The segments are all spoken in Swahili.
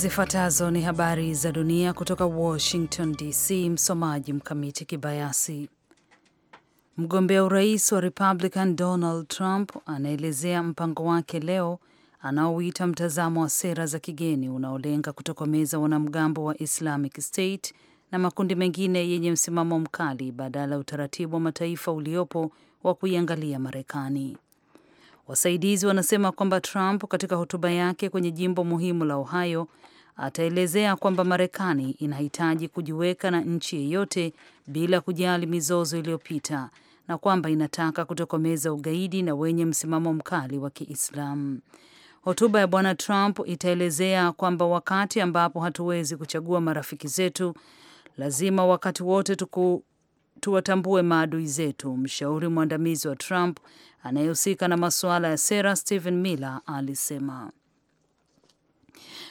Zifuatazo ni habari za dunia kutoka Washington DC. Msomaji Mkamiti Kibayasi. Mgombea urais wa Republican Donald Trump anaelezea mpango wake leo anaoita mtazamo wa sera za kigeni unaolenga kutokomeza wanamgambo wa Islamic State na makundi mengine yenye msimamo mkali badala ya utaratibu wa mataifa uliopo wa kuiangalia Marekani. Wasaidizi wanasema kwamba Trump katika hotuba yake kwenye jimbo muhimu la Ohio ataelezea kwamba Marekani inahitaji kujiweka na nchi yeyote bila kujali mizozo iliyopita na kwamba inataka kutokomeza ugaidi na wenye msimamo mkali wa Kiislamu. Hotuba ya Bwana Trump itaelezea kwamba wakati ambapo hatuwezi kuchagua marafiki zetu, lazima wakati wote tuku, tuwatambue maadui zetu, mshauri mwandamizi wa Trump anayehusika na masuala ya sera Stephen Miller alisema.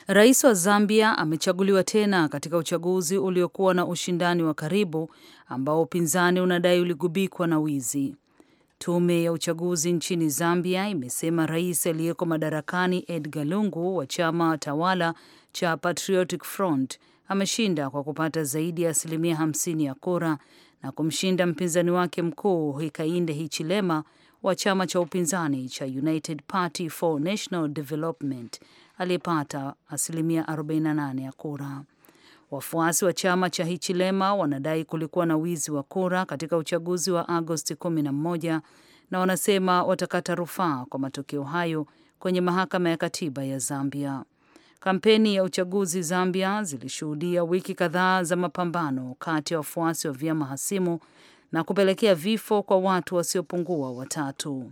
Rais wa Zambia amechaguliwa tena katika uchaguzi uliokuwa na ushindani wa karibu ambao upinzani unadai uligubikwa na wizi. Tume ya uchaguzi nchini Zambia imesema rais aliyeko madarakani Edgar Lungu wa chama tawala cha Patriotic Front ameshinda kwa kupata zaidi ya asilimia hamsini ya kura na kumshinda mpinzani wake mkuu hikainde Hichilema wa chama cha upinzani cha United Party for National Development aliyepata asilimia 48 ya kura. Wafuasi wa chama cha Hichilema wanadai kulikuwa na wizi wa kura katika uchaguzi wa Agosti 11 na wanasema watakata rufaa kwa matokeo hayo kwenye mahakama ya katiba ya Zambia. Kampeni ya uchaguzi Zambia zilishuhudia wiki kadhaa za mapambano kati ya wafuasi wa vyama hasimu na kupelekea vifo kwa watu wasiopungua watatu.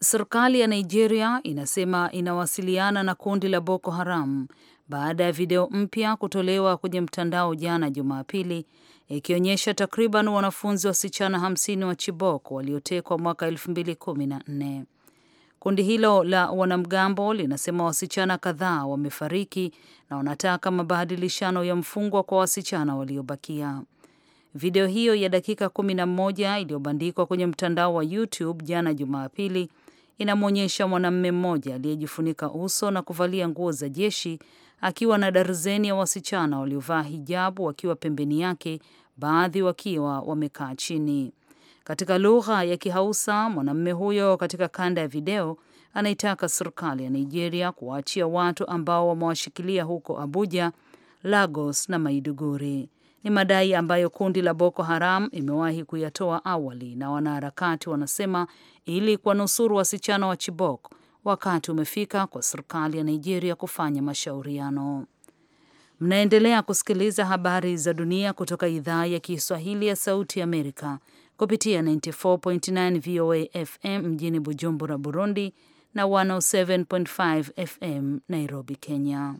Serikali ya Nigeria inasema inawasiliana na kundi la Boko Haram baada ya video mpya kutolewa kwenye mtandao jana Jumapili, ikionyesha takriban wanafunzi wasichana hamsini wa Chibok waliotekwa mwaka 2014. Kundi hilo la wanamgambo linasema wasichana kadhaa wamefariki na wanataka mabadilishano ya mfungwa kwa wasichana waliobakia. Video hiyo ya dakika kumi na mmoja iliyobandikwa kwenye mtandao wa YouTube jana Jumapili inamwonyesha mwanamume mmoja aliyejifunika uso na kuvalia nguo za jeshi akiwa na darzeni ya wasichana waliovaa hijabu wakiwa pembeni yake, baadhi wakiwa wamekaa chini. Katika lugha ya Kihausa, mwanamume huyo katika kanda ya video anaitaka serikali ya Nigeria kuwaachia watu ambao wamewashikilia huko Abuja, Lagos na Maiduguri. Ni madai ambayo kundi la Boko Haram imewahi kuyatoa awali, na wanaharakati wanasema ili kuwanusuru wasichana wa Chibok, wakati umefika kwa serikali ya Nigeria kufanya mashauriano. Mnaendelea kusikiliza habari za dunia kutoka idhaa ya Kiswahili ya Sauti Amerika kupitia 94.9 VOA FM mjini Bujumbura, Burundi na 107.5 FM Nairobi, Kenya.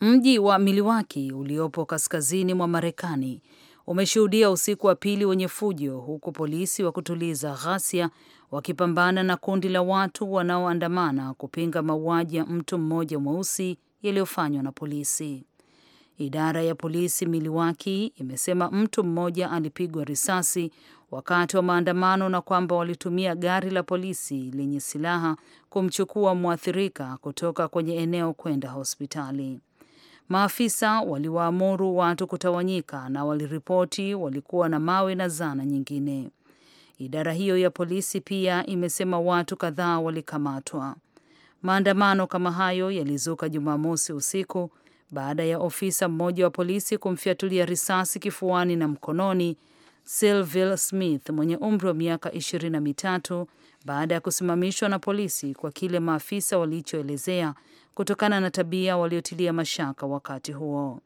Mji wa miliwaki uliopo kaskazini mwa Marekani umeshuhudia usiku wa pili wenye fujo huku polisi wa kutuliza ghasia wakipambana na kundi la watu wanaoandamana kupinga mauaji ya mtu mmoja mweusi yaliyofanywa na polisi. Idara ya polisi Miliwaki imesema mtu mmoja alipigwa risasi wakati wa maandamano na kwamba walitumia gari la polisi lenye silaha kumchukua mwathirika kutoka kwenye eneo kwenda hospitali. Maafisa waliwaamuru watu kutawanyika na waliripoti walikuwa na mawe na zana nyingine. Idara hiyo ya polisi pia imesema watu kadhaa walikamatwa. Maandamano kama hayo yalizuka Jumamosi usiku baada ya ofisa mmoja wa polisi kumfyatulia risasi kifuani na mkononi Sylville Smith mwenye umri wa miaka ishirini na mitatu baada ya kusimamishwa na polisi kwa kile maafisa walichoelezea kutokana na tabia waliotilia mashaka wakati huo.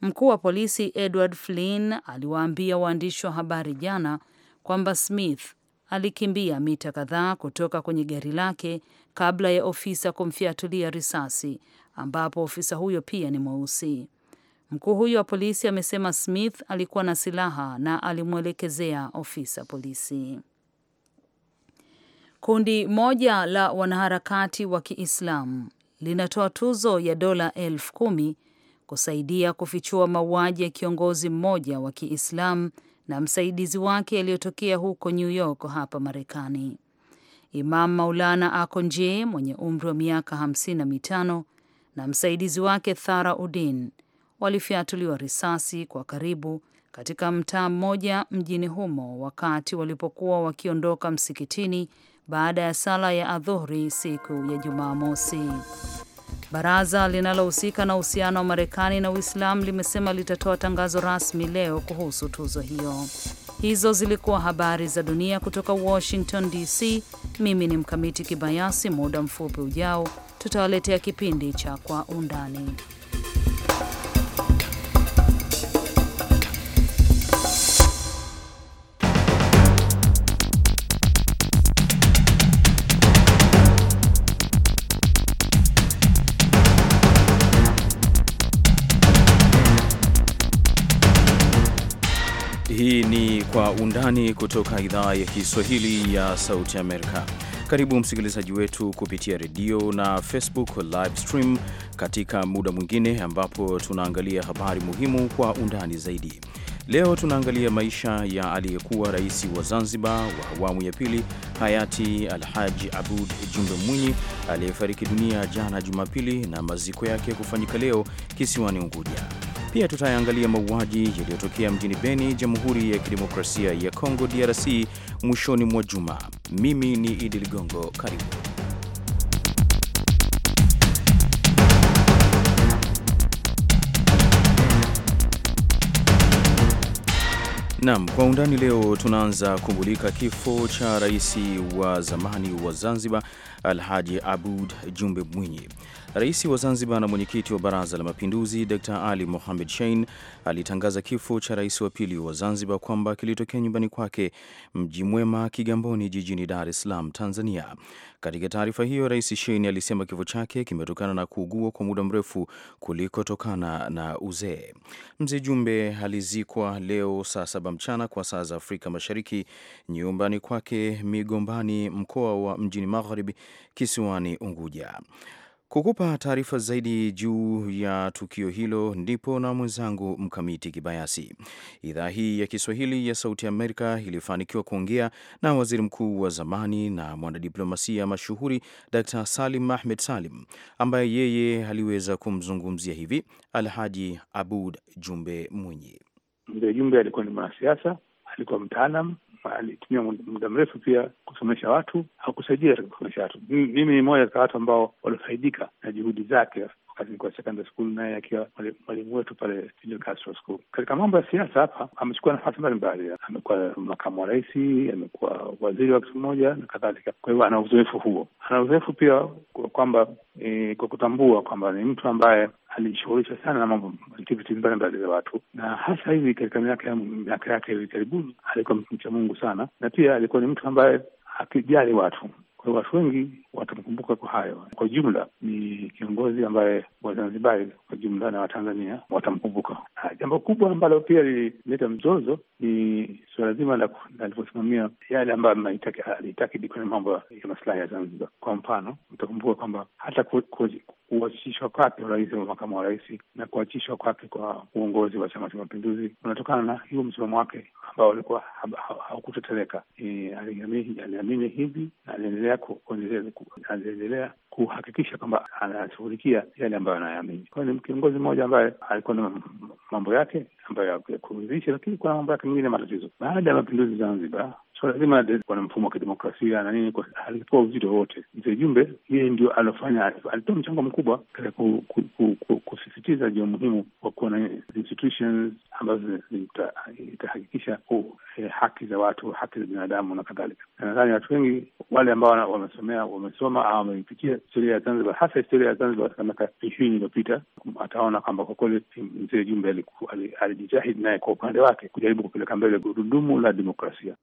Mkuu wa polisi Edward Flynn aliwaambia waandishi wa habari jana kwamba Smith alikimbia mita kadhaa kutoka kwenye gari lake kabla ya ofisa kumfiatulia risasi, ambapo ofisa huyo pia ni mweusi. Mkuu huyo wa polisi amesema Smith alikuwa na silaha na alimwelekezea ofisa polisi. Kundi moja la wanaharakati wa Kiislamu linatoa tuzo ya dola elfu kumi kusaidia kufichua mauaji ya kiongozi mmoja wa Kiislamu na msaidizi wake aliyotokea huko New York hapa Marekani. Imam Maulana Akonje mwenye umri wa miaka hamsini na mitano na msaidizi wake Thara Udin walifyatuliwa risasi kwa karibu katika mtaa mmoja mjini humo wakati walipokuwa wakiondoka msikitini baada ya sala ya adhuhuri siku ya Jumamosi. Baraza linalohusika na uhusiano wa Marekani na Uislamu limesema litatoa tangazo rasmi leo kuhusu tuzo hiyo. Hizo zilikuwa habari za dunia kutoka Washington DC. Mimi ni Mkamiti Kibayasi. Muda mfupi ujao tutawaletea kipindi cha Kwa Undani. undani kutoka idhaa ya Kiswahili ya Sauti Amerika. Karibu msikilizaji wetu kupitia redio na Facebook live stream katika muda mwingine ambapo tunaangalia habari muhimu kwa undani zaidi. Leo tunaangalia maisha ya aliyekuwa rais wa Zanzibar wa awamu ya pili hayati Alhaji Abud Jumbe Mwinyi aliyefariki dunia jana Jumapili na maziko yake kufanyika leo kisiwani Unguja. Pia tutayangalia mauaji yaliyotokea mjini Beni, Jamhuri ya Kidemokrasia ya Kongo DRC mwishoni mwa juma. Mimi ni Idi Ligongo, karibu. Naam, kwa undani leo tunaanza kumulika kifo cha rais wa zamani wa Zanzibar Alhaji Abud Jumbe Mwinyi. Rais wa Zanzibar na mwenyekiti wa Baraza la Mapinduzi Dr. Ali Mohamed Shein alitangaza kifo cha rais wa pili wa Zanzibar kwamba kilitokea nyumbani kwake Mji Mwema, Kigamboni, jijini Dar es Salaam, Tanzania. Katika taarifa hiyo, Rais Shein alisema kifo chake kimetokana na kuugua kwa muda mrefu kulikotokana na uzee. Mzee Jumbe alizikwa leo saa saba mchana kwa saa za Afrika Mashariki nyumbani kwake Migombani, mkoa wa Mjini Magharibi, kisiwani Unguja. Kukupa taarifa zaidi juu ya tukio hilo ndipo na mwenzangu Mkamiti Kibayasi. Idhaa hii ya Kiswahili ya Sauti ya Amerika ilifanikiwa kuongea na waziri mkuu wa zamani na mwanadiplomasia mashuhuri Dr Salim Ahmed Salim, ambaye yeye aliweza kumzungumzia hivi Alhaji Abud Jumbe Mwinyi. Mzee Jumbe alikuwa ni mwanasiasa, alikuwa mtaalam, alitumia muda mrefu pia kusomesha watu au kusaidia katika kusomesha watu. Mimi ni moja katika watu ambao walifaidika na juhudi zake alikuwa secondary school, naye akiwa mwalimu wetu pale Fidel Castro School. Katika mambo ya siasa hapa amechukua nafasi mbalimbali, amekuwa makamu wa rais, amekuwa waziri wa kitu moja na kadhalika. Kwa hivyo ana uzoefu huo, ana uzoefu pia kwamba e, kwa kutambua kwamba ni mtu ambaye alijishughulisha sana na mambo activities mbalimbali za watu, na hasa hivi katika miaka yake hivi karibuni alikuwa mcha Mungu sana, na pia alikuwa ni mtu ambaye akijali watu kwa hiyo watu wengi watamkumbuka kwa hayo. Kwa jumla, ni kiongozi ambaye Wazanzibari kwa jumla na Watanzania watamkumbuka. Jambo kubwa ambalo pia lilileta mzozo ni suala zima la alivyosimamia yale ambayo alitakidi kwenye mambo ya masilahi ya Zanzibar. Kwa mfano, utakumbuka kwamba hata kuachishwa kwake urais wa makamu wa rais na kuachishwa kwake kwa uongozi wa Chama cha Mapinduzi unatokana na hiyo msimamo wake ambao alikuwa haukuteteleka. Aliamini hivi na aliendelea yako anaendelea kuhakikisha kwamba anashughulikia yale ambayo anayamini Kwa hiyo ni kiongozi mmoja ambaye alikuwa na mambo yake ambayo ya kuridhisha, lakini kuna mambo yake mengine matatizo. Baada ya mapinduzi Zanzibar, swala so, zima kuna mfumo wa kidemokrasia na nini halikuwa uzito wote. Mzee Jumbe yeye ndio alofanya, alitoa mchango mkubwa katika ku, ku, ku, ku, kusisitiza juu muhimu wa kuwa na institutions ambazo itahakikisha eh, haki za watu, haki za binadamu na kadhalika. Nadhani watu wengi wale ambao wamesomea wamesoma au wamepitia historia ya Zanzibar, hasa historia ya Zanzibar katika miaka ishirini iliyopita, ataona kwamba kwa kweli mzee Jumbe alijitahidi naye kwa upande wake kujaribu kupeleka mbele gurudumu la demokrasia.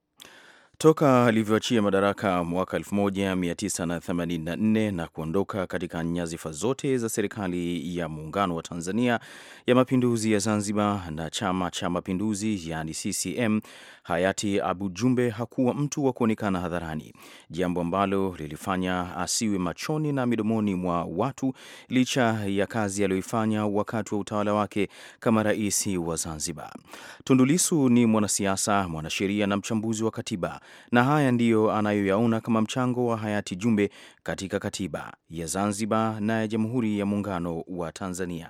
Toka alivyoachia madaraka mwaka 1984 na kuondoka katika nyadhifa zote za serikali ya muungano wa Tanzania ya mapinduzi ya Zanzibar na chama cha mapinduzi yani CCM, hayati Abu Jumbe hakuwa mtu wa kuonekana hadharani, jambo ambalo lilifanya asiwe machoni na midomoni mwa watu, licha ya kazi aliyoifanya wakati wa utawala wake kama rais wa Zanzibar. Tundulisu ni mwanasiasa, mwanasheria na mchambuzi wa katiba na haya ndiyo anayoyaona kama mchango wa hayati Jumbe katika katiba ya Zanzibar na ya Jamhuri ya Muungano wa Tanzania.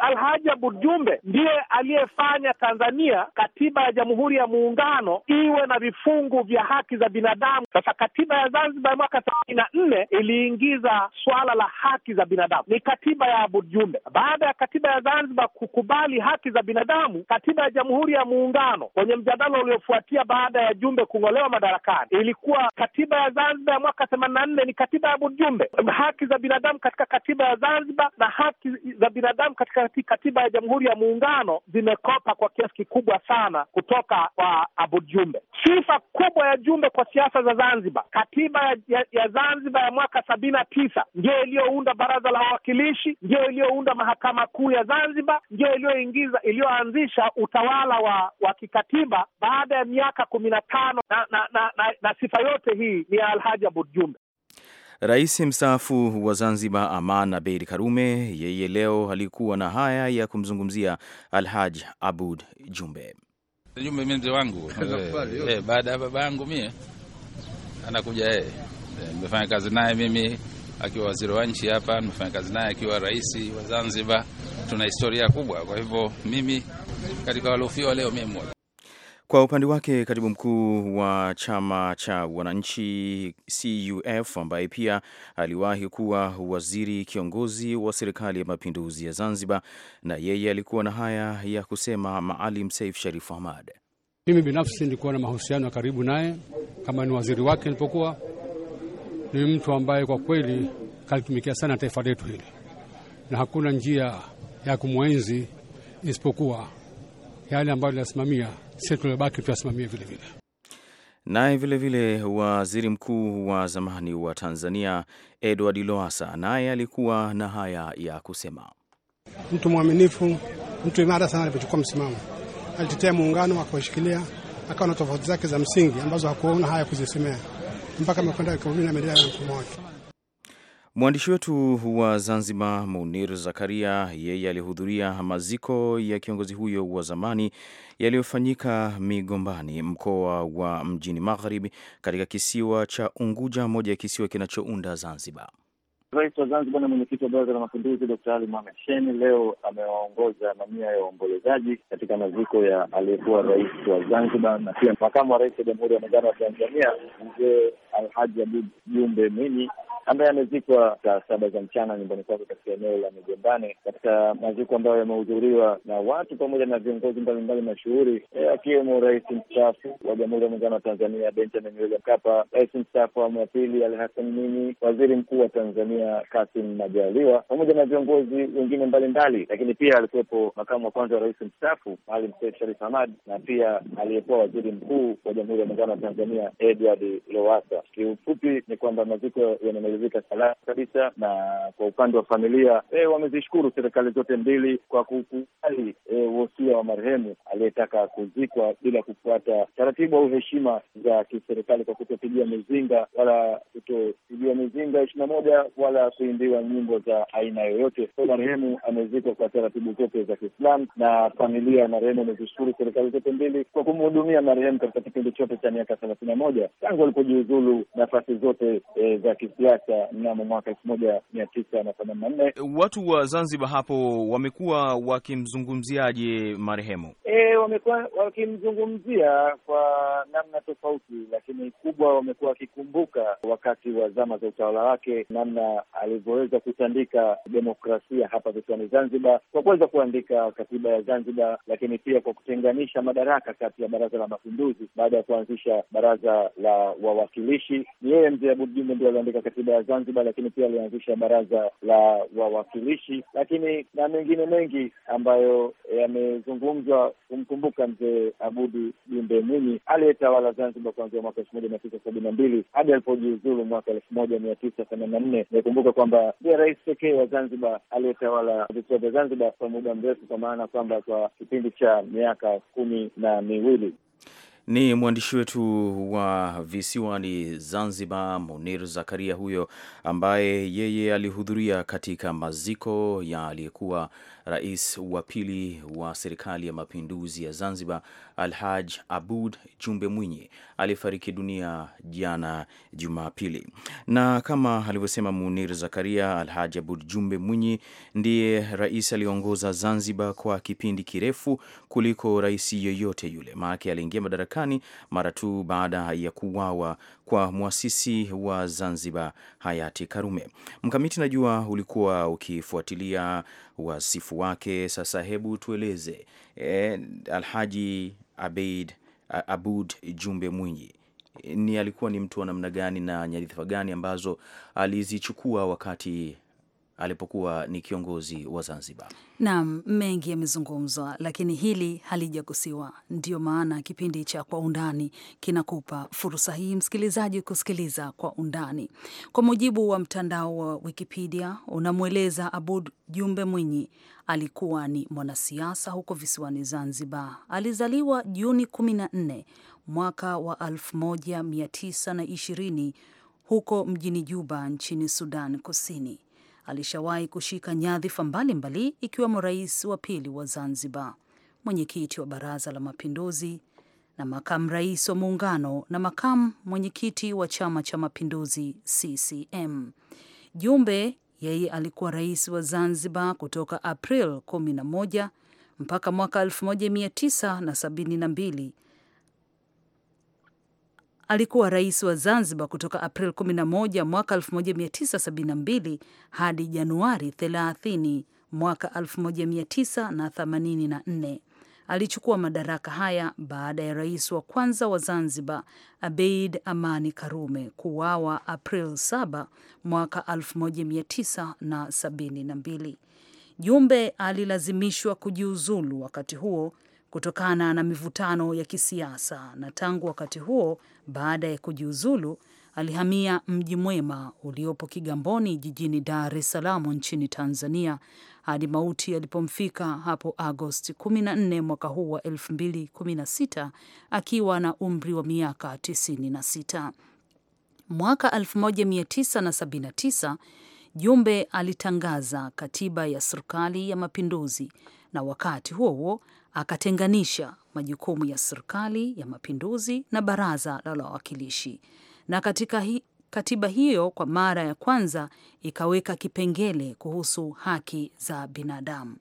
Alhaji jumbe ndiye aliyefanya Tanzania katiba ya Jamhuri ya Muungano iwe na vifungu vya haki za binadamu. Sasa katiba ya Zanzibar ya mwaka sabini na nne iliingiza swala la haki za binadamu, ni katiba ya jumbe Baada ya katiba ya Zanzibar kukubali haki za binadamu, katiba ya Jamhuri ya Muungano kwenye mjadala uliofuatia baada ya Jumbe kung'olewa madarakani, ilikuwa katiba ya Zanzibar ya mwaka themanini na nne ni katiba ya Abudjumbe, haki za binadamu katika katiba ya Zanzibar na haki za binadamu katika wakati katiba ya Jamhuri ya Muungano zimekopa kwa kiasi kikubwa sana kutoka kwa Abu Jumbe. Sifa kubwa ya Jumbe kwa siasa za Zanzibar, katiba ya, ya, ya Zanzibar ya mwaka sabini na tisa ndiyo iliyounda baraza la wawakilishi, ndiyo iliyounda mahakama kuu ya Zanzibar, ndiyo iliyoingiza iliyoanzisha utawala wa, wa kikatiba baada ya miaka kumi na tano na, na, na, na, na sifa yote hii ni ya Alhaji Abu Jumbe. Rais mstaafu wa Zanzibar Aman Abeid Karume yeye leo alikuwa na haya ya kumzungumzia Alhaj Abud Jumbe. Jumbe mzee wangu e, e, baada ya baba yangu mie anakuja yeye, eh, nimefanya kazi naye mimi akiwa waziri wa nchi hapa, nimefanya kazi naye akiwa rais wa Zanzibar. Tuna historia kubwa, kwa hivyo mimi katika waliofiwa leo mie mmoja kwa upande wake katibu mkuu wa chama cha wananchi CUF ambaye pia aliwahi kuwa waziri kiongozi wa serikali ya mapinduzi ya Zanzibar, na yeye alikuwa na haya ya kusema Maalim saif Sharif Hamad. Mimi binafsi nilikuwa na mahusiano ya karibu naye kama ni waziri wake nilipokuwa. Ni mtu ambaye kwa kweli kalitumikia sana taifa letu hili, na hakuna njia ya kumwenzi isipokuwa yale ambayo linasimamia sisi tuliobaki tuwasimamie vilevile. Naye vilevile waziri mkuu wa zamani wa Tanzania Edward Lowassa naye alikuwa na haya ya kusema. Mtu mwaminifu, mtu imara sana Alipochukua msimamo, alitetea muungano akaushikilia, akawa na tofauti zake za msingi ambazo hakuona haya kuzisemea mpaka amekwenda, ameendelea na mfumo wake. Mwandishi wetu wa Zanzibar, Munir Zakaria, yeye alihudhuria maziko ya kiongozi huyo wa zamani yaliyofanyika Migombani, mkoa wa Mjini Magharibi, katika kisiwa cha Unguja, moja ya kisiwa kinachounda Zanzibar. Rais wa Zanzibar na mwenyekiti wa Baraza la Mapinduzi Dkt Ali Mohamed Sheni leo amewaongoza mamia ya waombolezaji katika maziko ya aliyekuwa rais wa Zanzibar na pia makamu wa rais wa Jamhuri ya Muungano wa Tanzania Mzee Alhaji Abud Jumbe Mwinyi ambaye amezikwa saa saba za mchana nyumbani kwake katika eneo la Migombani, katika maziko ambayo yamehudhuriwa na watu pamoja na viongozi mbalimbali mashuhuri eh, akiwemo rais mstaafu wa Jamhuri ya Muungano wa Tanzania Benjamin William Mkapa, rais mstaafu wa awamu ya pili Ali Hassan Mwinyi, waziri mkuu wa Tanzania Samia Kasim Majaliwa pamoja na viongozi wengine mbalimbali, lakini pia alikuwepo makamu wa kwanza wa rais mstaafu Maalim Seif Sharif Hamad na pia aliyekuwa waziri mkuu wa Jamhuri ya Muungano wa Tanzania Edward lowasa Kiufupi ni kwamba maziko yanamalizika salama kabisa, na kwa upande wa familia e, wamezishukuru serikali zote mbili kwa kukubali e, wosia wa marehemu aliyetaka kuzikwa bila kufuata taratibu au heshima za kiserikali kwa kutopigia mizinga wala kutopigia mizinga ishirini na moja wala wala kuimbiwa nyimbo za aina yoyote. Marehemu amezikwa kwa taratibu zote za Kiislamu na familia ya marehemu amezishukuru serikali zote mbili kwa kumhudumia marehemu katika kipindi chote cha miaka thelathini na moja tangu alipojiuzulu nafasi zote e, za kisiasa mnamo mwaka elfu moja mia tisa na themanini na nne. Watu wa Zanzibar hapo wamekuwa wakimzungumziaje marehemu? E, wamekuwa wakimzungumzia kwa namna tofauti, lakini kubwa wamekuwa wakikumbuka wakati wa zama za utawala wake namna alivyoweza kutandika demokrasia hapa visiwani Zanzibar kwa kuweza kuandika katiba ya Zanzibar, lakini pia kwa kutenganisha madaraka kati ya baraza la mapinduzi baada ya kuanzisha baraza la wawakilishi. Ni yeye mzee Abud Jumbe ndio aliandika katiba ya Zanzibar, lakini pia alianzisha baraza la wawakilishi, lakini na mengine mengi ambayo yamezungumzwa kumkumbuka mzee Abudi Jumbe Mwinyi aliyetawala Zanzibar kuanzia mwaka elfu moja mia tisa sabini na mbili hadi alipojiuzulu mwaka elfu moja mia tisa themanini na nne Utakumbuka kwamba ndiye rais pekee wa Zanzibar aliyetawala visiwa vya Zanzibar kwa muda mrefu, kwa maana kwamba kwa kipindi cha miaka kumi na miwili. Ni mwandishi wetu wa visiwani Zanzibar, Munir Zakaria huyo, ambaye yeye alihudhuria katika maziko ya aliyekuwa rais wa pili wa serikali ya mapinduzi ya Zanzibar Alhaj Abud Jumbe Mwinyi alifariki dunia jana Jumapili, na kama alivyosema Munir Zakaria, Alhaj Abud Jumbe Mwinyi ndiye rais aliyeongoza Zanzibar kwa kipindi kirefu kuliko rais yeyote yule, maanake aliingia madarakani mara tu baada ya kuuawa kwa mwasisi wa Zanzibar hayati Karume. Mkamiti, najua ulikuwa ukifuatilia wasifu wake, sasa hebu tueleze e, Alhaji Abeid Abud Jumbe Mwinyi ni alikuwa ni mtu wa namna gani na nyadhifa gani ambazo alizichukua wakati alipokuwa ni kiongozi wa Zanzibar. Naam, mengi yamezungumzwa, lakini hili halijagusiwa. ndio maana kipindi cha Kwa Undani kinakupa fursa hii msikilizaji kusikiliza kwa undani. Kwa mujibu wa mtandao wa Wikipedia, unamweleza Abud Jumbe Mwinyi alikuwa ni mwanasiasa huko visiwani Zanzibar. Alizaliwa Juni 14 mwaka wa 1920 huko mjini Juba nchini Sudan Kusini alishawahi kushika nyadhifa mbalimbali ikiwemo rais wa pili wa Zanzibar, mwenyekiti wa Baraza la Mapinduzi na makamu rais wa Muungano na makamu mwenyekiti wa Chama cha Mapinduzi CCM. Jumbe yeye alikuwa rais wa Zanzibar kutoka April 11 mpaka mwaka 1972 alikuwa rais wa Zanzibar kutoka April 11 mwaka 1972 hadi Januari 30 mwaka 1984. Alichukua madaraka haya baada ya rais wa kwanza wa Zanzibar Abeid Amani Karume kuuawa April 7 mwaka 1972. Jumbe alilazimishwa kujiuzulu wakati huo kutokana na mivutano ya kisiasa, na tangu wakati huo, baada ya kujiuzulu, alihamia Mji Mwema uliopo Kigamboni jijini Dar es Salaam nchini Tanzania hadi mauti yalipomfika hapo Agosti 14 mwaka huu wa 2016 akiwa na umri wa miaka 96. Mwaka 1979 Jumbe alitangaza katiba ya Serikali ya Mapinduzi, na wakati huo huo akatenganisha majukumu ya serikali ya mapinduzi na baraza la wawakilishi, na katika hi, katiba hiyo kwa mara ya kwanza ikaweka kipengele kuhusu haki za binadamu.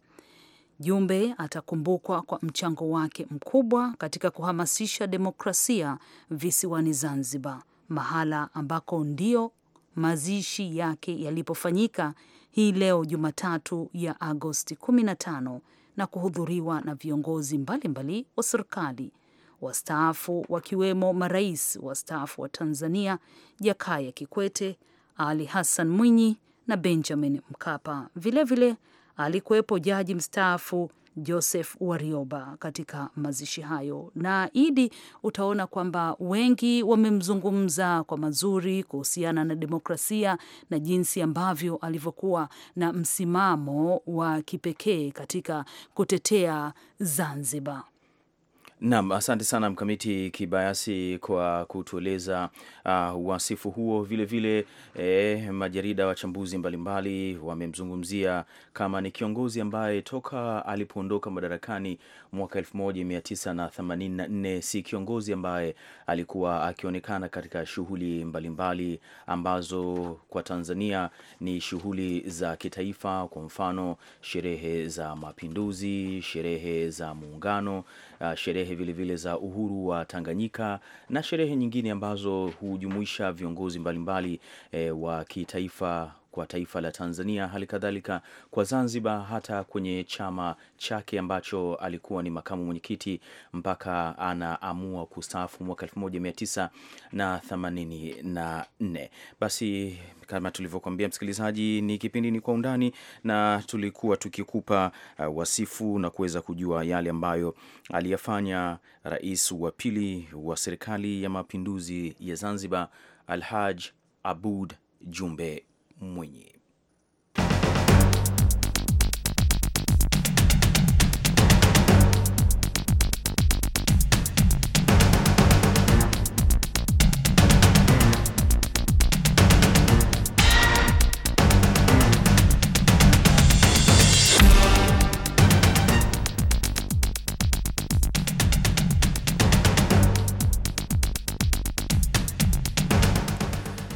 Jumbe atakumbukwa kwa mchango wake mkubwa katika kuhamasisha demokrasia visiwani Zanzibar, mahala ambako ndio mazishi yake yalipofanyika hii leo Jumatatu ya Agosti 15 na kuhudhuriwa na viongozi mbalimbali wa serikali wastaafu wakiwemo marais wastaafu wa Tanzania Jakaya Kikwete, Ali Hassan Mwinyi na Benjamin Mkapa. Vilevile alikuwepo jaji mstaafu Joseph Warioba katika mazishi hayo. Na Idi, utaona kwamba wengi wamemzungumza kwa mazuri kuhusiana na demokrasia na jinsi ambavyo alivyokuwa na msimamo wa kipekee katika kutetea Zanzibar. Naam, asante sana Mkamiti Kibayasi kwa kutueleza uh, wasifu huo. Vilevile vile, eh, majarida wachambuzi mbalimbali wamemzungumzia kama ni kiongozi ambaye toka alipoondoka madarakani mwaka 1984 si kiongozi ambaye alikuwa akionekana katika shughuli mbalimbali ambazo kwa Tanzania ni shughuli za kitaifa, kwa mfano sherehe za Mapinduzi, sherehe za Muungano uh, sherehe vilevile za uhuru wa Tanganyika na sherehe nyingine ambazo hujumuisha viongozi mbalimbali mbali, eh, wa kitaifa kwa taifa la Tanzania, hali kadhalika kwa Zanzibar, hata kwenye chama chake ambacho alikuwa ni makamu mwenyekiti mpaka anaamua kustaafu mwaka 1984. Basi kama tulivyokuambia, msikilizaji, ni kipindi ni kwa undani, na tulikuwa tukikupa uh, wasifu na kuweza kujua yale ambayo aliyafanya rais wa pili wa serikali ya mapinduzi ya Zanzibar Alhaj Abud Jumbe mwenyewe.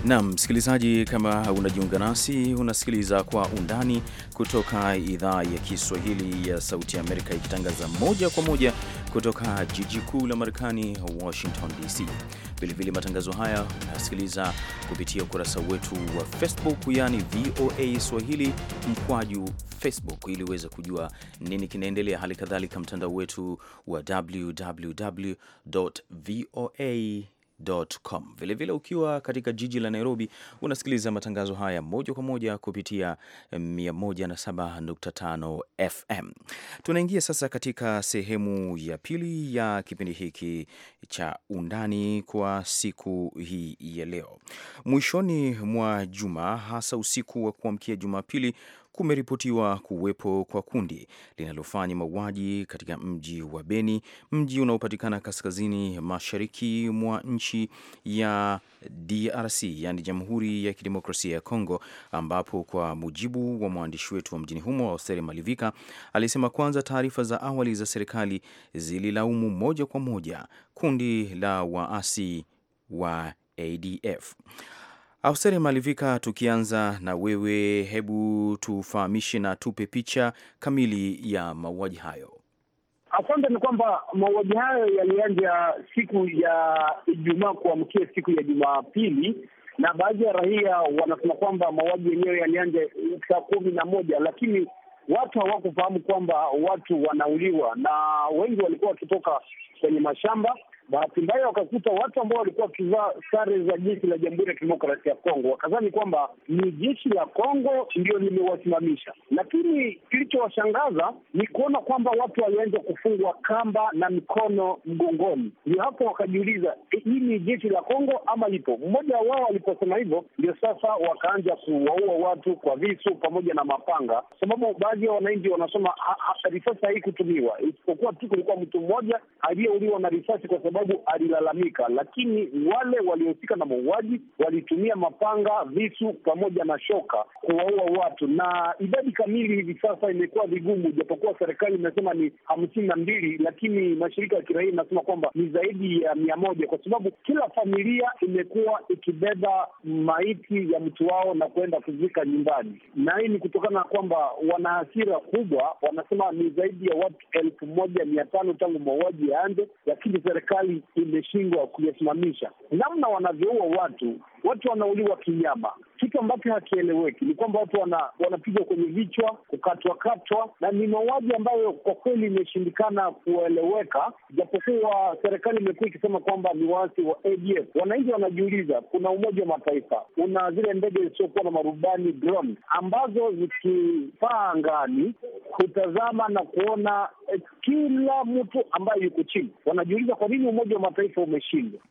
Naam, msikilizaji, kama unajiunga nasi, unasikiliza Kwa Undani kutoka idhaa ya Kiswahili ya Sauti ya Amerika, ikitangaza moja kwa moja kutoka jiji kuu la Marekani, Washington DC. Vilevile matangazo haya unasikiliza kupitia ukurasa wetu wa Facebook, yaani VOA Swahili mkwaju Facebook, ili uweze kujua nini kinaendelea. Hali kadhalika mtandao wetu wa www voa com. Vilevile ukiwa katika jiji la Nairobi unasikiliza matangazo haya moja kwa moja kupitia 107.5 FM. Tunaingia sasa katika sehemu ya pili ya kipindi hiki cha undani kwa siku hii ya leo. Mwishoni mwa juma, hasa usiku wa kuamkia Jumapili, kumeripotiwa kuwepo kwa kundi linalofanya mauaji katika mji wa Beni, mji unaopatikana kaskazini mashariki mwa nchi ya DRC, yaani Jamhuri ya Kidemokrasia ya Kongo, ambapo kwa mujibu wa mwandishi wetu wa mjini humo Austeri Malivika alisema kwanza taarifa za awali za serikali zililaumu moja kwa moja kundi la waasi wa ADF austeri Malivika, tukianza na wewe, hebu tufahamishe na tupe picha kamili ya mauaji hayo. Asante. Ni kwamba mauaji hayo yalianza siku ya Ijumaa kuamkia siku ya Jumapili, na baadhi ya raia wanasema kwamba mauaji yenyewe yalianza saa kumi na moja, lakini watu hawakufahamu kwamba watu wanauliwa, na wengi walikuwa wakitoka kwenye mashamba bahati mbaya wakakuta watu ambao walikuwa wakivaa sare za jeshi la Jamhuri ya Kidemokrasia ya Kongo wakadhani kwamba ni jeshi la Kongo ndio limewasimamisha, lakini kilichowashangaza ni kuona kwamba watu walianza kufungwa kamba na mikono mgongoni. Ndio hapo wakajiuliza, e, hii ni jeshi la Kongo ama lipo? Mmoja wao aliposema hivyo, ndio sasa wakaanza kuwaua watu kwa visu pamoja na mapanga, sababu baadhi ya wananchi wanasema risasi haikutumiwa, isipokuwa tu kulikuwa mtu mmoja aliyeuliwa na risasi kwa sababu sababu alilalamika, lakini wale waliohusika na mauaji walitumia mapanga, visu pamoja na shoka kuwaua watu, na idadi kamili hivi sasa imekuwa vigumu, japokuwa serikali imesema ni hamsini na mbili, lakini mashirika ya kiraia inasema kwamba ni zaidi ya mia moja kwa sababu kila familia imekuwa ikibeba maiti ya mtu wao na kuenda kuzika nyumbani, na hii ni kutokana na kwamba wana hasira kubwa. Wanasema ni zaidi ya watu elfu moja mia tano tangu mauaji yaanze, lakini serikali serikali imeshindwa kuyasimamisha, namna wanavyoua watu watu wanauliwa kinyama. Kitu ambacho hakieleweki ni kwamba watu wana, wanapigwa kwenye vichwa, kukatwakatwa, na ni mauaji ambayo kwa kweli imeshindikana kueleweka, japokuwa serikali imekuwa ikisema kwamba ni waasi wa ADF. Wananchi wanajiuliza, kuna Umoja wa Mataifa, kuna zile ndege zisizokuwa na marubani drone, ambazo zikipaa angani hutazama na kuona eh, kila mtu ambaye yuko chini. Wanajiuliza kwa nini Umoja wa Mataifa umeshindwa.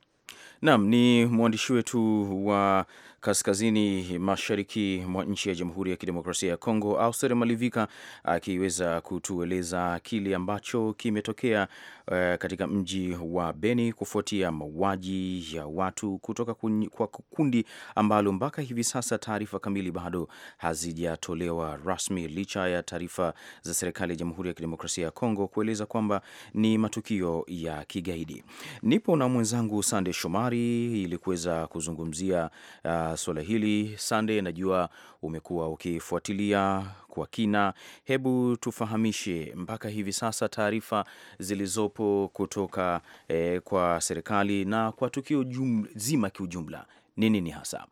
Naam, ni mwandishi wetu wa kaskazini mashariki mwa nchi ya Jamhuri ya Kidemokrasia ya Kongo, Auster Malivika akiweza kutueleza kile ambacho kimetokea uh, katika mji wa Beni kufuatia mauaji ya watu kutoka kwa kundi ambalo mpaka hivi sasa taarifa kamili bado hazijatolewa rasmi, licha ya taarifa za serikali ya Jamhuri ya Kidemokrasia ya Kongo kueleza kwamba ni matukio ya kigaidi. Nipo na mwenzangu Sande Shomari ili kuweza kuzungumzia uh, suala hili Sande, najua umekuwa ukifuatilia kwa kina. Hebu tufahamishe mpaka hivi sasa taarifa zilizopo kutoka eh, kwa serikali na kwa tukio jum, zima kiujumla ni nini hasa?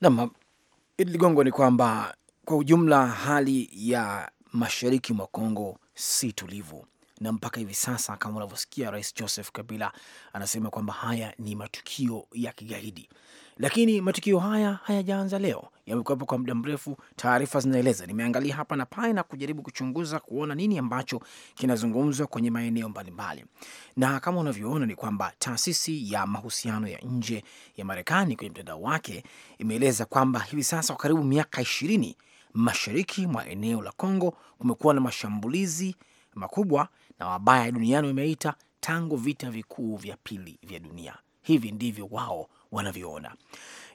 Naam, Idi Ligongo, ni kwamba kwa ujumla hali ya mashariki mwa Kongo si tulivu na mpaka hivi sasa kama unavyosikia, Rais Joseph Kabila anasema kwamba haya ni matukio ya kigaidi, lakini matukio haya hayajaanza leo, yamekuwepo kwa muda mrefu. Taarifa zinaeleza, nimeangalia hapa na pale na kujaribu kuchunguza kuona nini ambacho kinazungumzwa kwenye maeneo mbalimbali, na kama unavyoona ni kwamba taasisi ya mahusiano ya nje ya Marekani kwenye mtandao wake imeeleza kwamba hivi sasa kwa karibu miaka ishirini mashariki mwa eneo la Kongo kumekuwa na mashambulizi makubwa na mabaya duniani, wameita tangu vita vikuu vya pili vya dunia. Hivi ndivyo wao wanavyoona.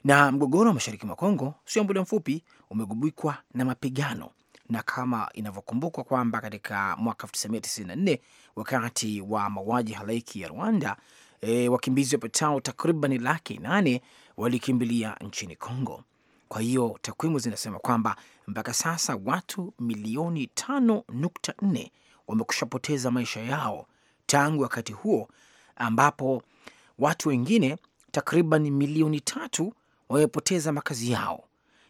Na mgogoro wa mashariki mwa Kongo sio muda mfupi, umegubikwa na mapigano na kama inavyokumbukwa kwamba katika mwaka 1994 wakati wa mauaji halaiki ya Rwanda, e, wakimbizi wapatao takriban laki nane walikimbilia nchini Kongo. Kwa hiyo takwimu zinasema kwamba mpaka sasa watu milioni 5.4 wamekushapoteza maisha yao tangu wakati huo, ambapo watu wengine takriban milioni tatu wamepoteza makazi yao,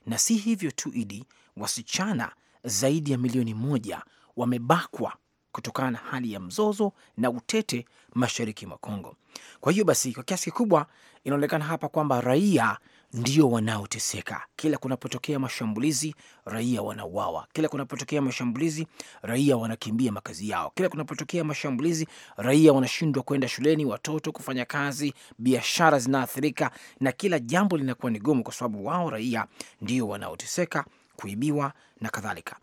na si hivyo tu Idi, wasichana zaidi ya milioni moja wamebakwa kutokana na hali ya mzozo na utete mashariki mwa Kongo. Kwa hiyo basi, kwa kiasi kikubwa inaonekana hapa kwamba raia ndio wanaoteseka. Kila kunapotokea mashambulizi, raia wanauawa. Kila kunapotokea mashambulizi, raia wanakimbia makazi yao. Kila kunapotokea mashambulizi, raia wanashindwa kwenda shuleni, watoto kufanya kazi, biashara zinaathirika, na kila jambo linakuwa ni gumu, kwa sababu wao raia ndio wanaoteseka, kuibiwa na kadhalika.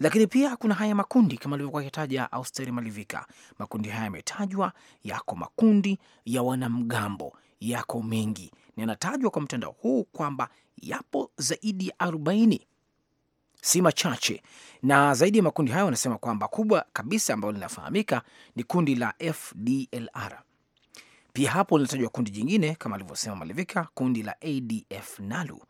Lakini pia kuna haya makundi kama alivyokuwa akitaja Austeri Malivika. Makundi haya yametajwa, yako makundi ya wanamgambo yako mengi, na yanatajwa kwa mtandao huu kwamba yapo zaidi ya 40 si machache, na zaidi ya makundi hayo wanasema kwamba kubwa kabisa ambalo linafahamika ni kundi la FDLR. Pia hapo linatajwa kundi jingine kama alivyosema Malivika, kundi la ADF NALU,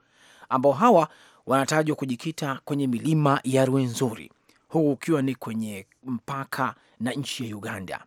ambao hawa wanatajwa kujikita kwenye milima ya Rwenzori, huku ukiwa ni kwenye mpaka na nchi ya Uganda.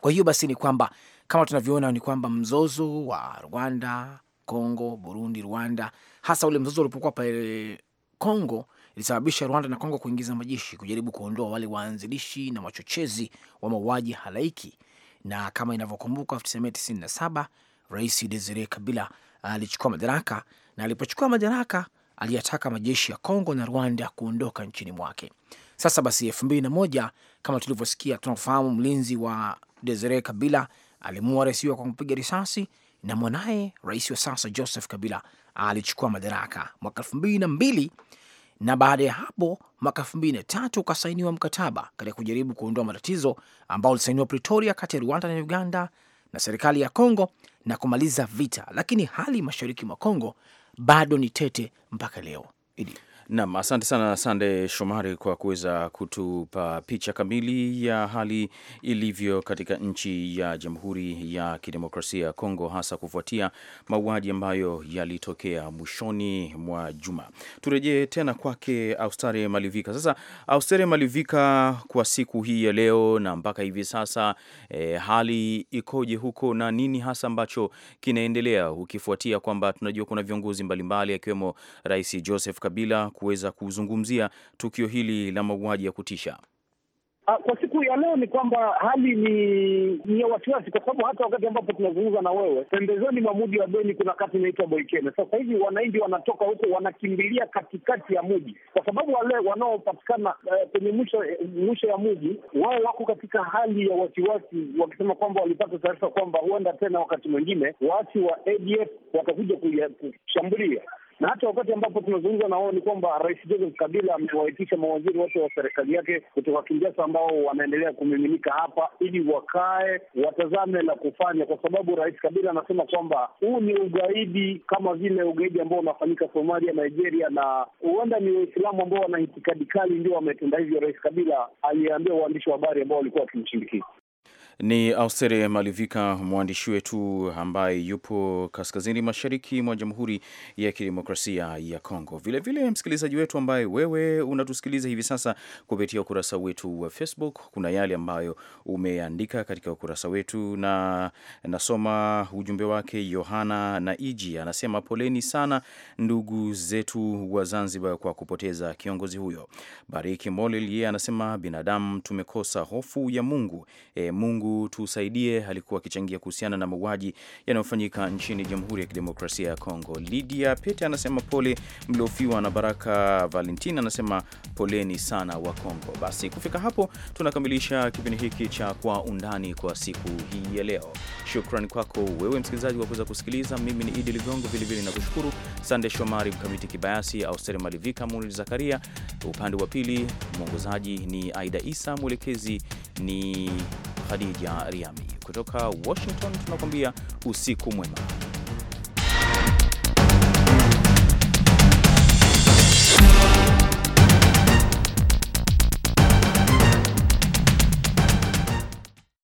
Kwa hiyo basi ni kwamba kama tunavyoona ni kwamba mzozo wa Rwanda, Kongo, Burundi, Rwanda, hasa ule mzozo ulipokuwa pale Kongo ilisababisha Rwanda na Kongo kuingiza majeshi kujaribu kuondoa wale waanzilishi na wachochezi wa mauaji halaiki. Na kama inavyokumbuka 1997 Rais Desire Kabila alichukua madaraka, na alipochukua madaraka aliyataka majeshi ya Kongo na Rwanda kuondoka nchini mwake. Sasa basi, elfu mbili na moja, kama tulivyosikia tunafahamu, mlinzi wa Desire Kabila alimuua rais huyo kwa kumpiga risasi, na mwanaye rais wa sasa Joseph Kabila alichukua madaraka mwaka elfu mbili na mbili na baada ya hapo mwaka elfu mbili na tatu ukasainiwa mkataba katika kujaribu kuondoa matatizo ambao ulisainiwa Pretoria kati ya Rwanda na Uganda na serikali ya congo na kumaliza vita, lakini hali mashariki mwa congo bado ni tete mpaka leo Idi. Nam, asante sana Sande Shomari kwa kuweza kutupa picha kamili ya hali ilivyo katika nchi ya Jamhuri ya Kidemokrasia ya Kongo, hasa kufuatia mauaji ambayo yalitokea mwishoni mwa juma. Turejee tena kwake Austare Malivika. Sasa austari Malivika, kwa siku hii ya leo na mpaka hivi sasa e, hali ikoje huko na nini hasa ambacho kinaendelea, ukifuatia kwamba tunajua kuna viongozi mbalimbali akiwemo Rais Joseph Kabila kuweza kuzungumzia tukio hili la mauaji ya kutisha. Ah, kwa siku ya leo ni kwamba hali ni, ni ya wasiwasi, kwa sababu hata wakati ambapo tunazungumza na wewe, pembezoni mwa muji wa Beni kuna kati inaitwa Boikene. Sasa hivi wananchi wanatoka huko wanakimbilia katikati ya muji, kwa sababu wale wanaopatikana eh, kwenye uh, mwisho mwisho ya muji, wao wako katika hali ya wasiwasi, wakisema kwamba walipata taarifa kwamba huenda tena wakati mwingine waasi wa ADF watakuja kushambulia na hata wakati ambapo tunazungumza na wao ni kwamba Rais Joseph Kabila amewaitisha mawaziri wote wa serikali yake kutoka kinjasa ambao wanaendelea kumiminika hapa, ili wakae watazame la kufanya, kwa sababu Rais Kabila anasema kwamba huu ni ugaidi kama vile ugaidi ambao unafanyika Somalia, Nigeria, na huenda ni Waislamu ambao wana itikadi kali ndio wametenda hivyo. Rais Kabila aliyeambia waandishi wa habari ambao walikuwa wakimshindikiza ni Austere Malivika, mwandishi wetu ambaye yupo kaskazini mashariki mwa Jamhuri ya Kidemokrasia ya Kongo. Vilevile msikilizaji wetu ambaye wewe unatusikiliza hivi sasa kupitia ukurasa wetu wa Facebook, kuna yale ambayo umeandika katika ukurasa wetu, na nasoma ujumbe wake. Yohana na Iji anasema poleni sana ndugu zetu wa Zanzibar kwa kupoteza kiongozi huyo. Bariki Molel yeye anasema binadamu tumekosa hofu ya Mungu. E, Mungu Mungu tusaidie alikuwa akichangia kuhusiana na mauaji yanayofanyika nchini Jamhuri ya Kidemokrasia ya Kongo. Lydia Pete anasema pole mliofiwa, na Baraka Valentina anasema poleni sana wa Kongo. Basi kufika hapo tunakamilisha kipindi hiki cha Kwa Undani kwa siku hii ya leo. Shukrani kwako wewe msikilizaji kwa kuweza kusikiliza. Mimi ni Idi Ligongo, vilevile nakushukuru Sande Shomari, Mkamiti Kibayasi, Austeri Malivika, Munir Zakaria upande wa pili, mwongozaji ni Aida Isa, mwelekezi ni Hadi Khadija Riami. Kutoka Washington tunakuambia usiku mwema.